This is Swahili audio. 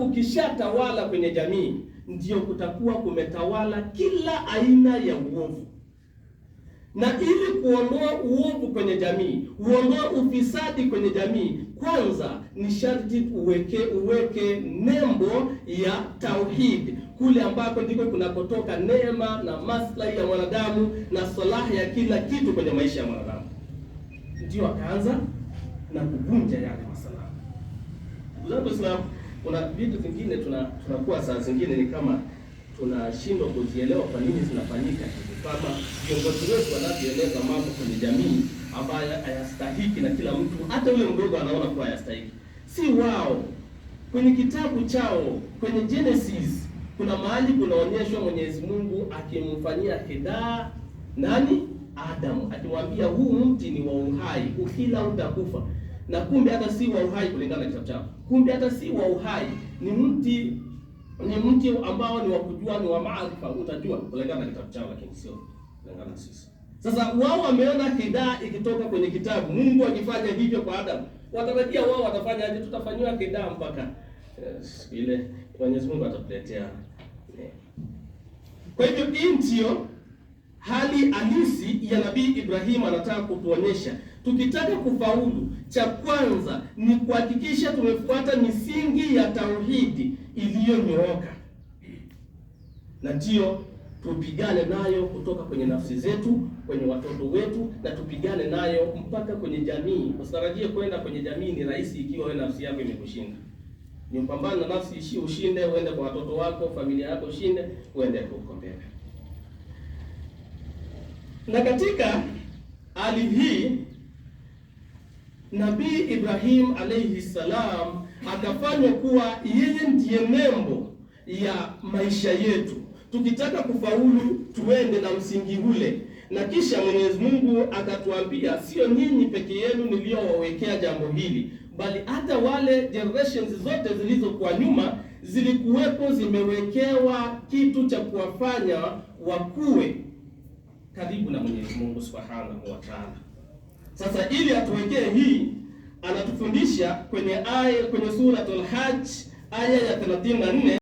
ukishatawala kwenye jamii, ndio kutakuwa kumetawala kila aina ya uovu. Na ili kuondoa uovu kwenye jamii, uondoa ufisadi kwenye jamii, kwanza ni sharti uweke uweke nembo ya tauhid kule ambako ndiko kunakotoka neema na maslahi ya mwanadamu na salahi ya kila kitu kwenye maisha ya mwanadamu, ndio akaanza na kuvunja yale maslahi kuna vitu vingine tuna tunakuwa saa zingine ni kama tunashindwa kuzielewa kwa nini zinafanyika hivi, kama viongozi wetu wanavyoeleza mambo kwenye jamii ambayo hayastahiki na kila mtu, hata yule mdogo anaona kuwa hayastahiki. Si wao kwenye kitabu chao kwenye Genesis kuna mahali kunaonyeshwa Mwenyezi Mungu akimfanyia hidaa nani Adamu, akimwambia huu mti ni wa uhai, ukila utakufa na kumbe hata si wa uhai kulingana na kitabu chao. Kumbe hata si wa uhai, ni mti ni mti ambao ni wa kujua, ni wa maarifa, utajua kulingana na kitabu chao, lakini sio kulingana na sisi. Sasa wao wameona kidaa ikitoka kwenye kitabu, Mungu akifanya hivyo kwa Adamu, watarajia wao aje? Tutafanyiwa hidaa mpaka yes, eh, ile Mwenyezi Mungu atatuletea. Eh. Kwa hivyo hii ndio hali halisi ya Nabii Ibrahimu anataka kutuonyesha. Tukitaka kufaulu, cha kwanza ni kuhakikisha tumefuata misingi ya tauhidi iliyonyooka, na ndiyo tupigane nayo kutoka kwenye nafsi zetu, kwenye watoto wetu, na tupigane nayo mpaka kwenye jamii. Usitarajie kwenda kwenye jamii ni rahisi ikiwa wewe nafsi yako imekushinda. Ni mpambane na nafsi ishi, ushinde, uende kwa watoto wako, familia yako ushinde, uende huko mbele. Na katika hali hii Nabii Ibrahim alayhi salam akafanywa kuwa yeye ndiye nembo ya maisha yetu, tukitaka kufaulu tuende na msingi ule. Na kisha Mwenyezi Mungu akatuambia, sio nyinyi peke yenu niliyowawekea jambo hili, bali hata wale generations zote zilizokuwa nyuma zilikuwepo zimewekewa kitu cha kuwafanya wakuwe karibu na Mwenyezi Mungu Subhanahu wa Ta'ala. Sasa ili atuwekee hii anatufundisha kwenye aya kwenye suratul Hajj aya ya 34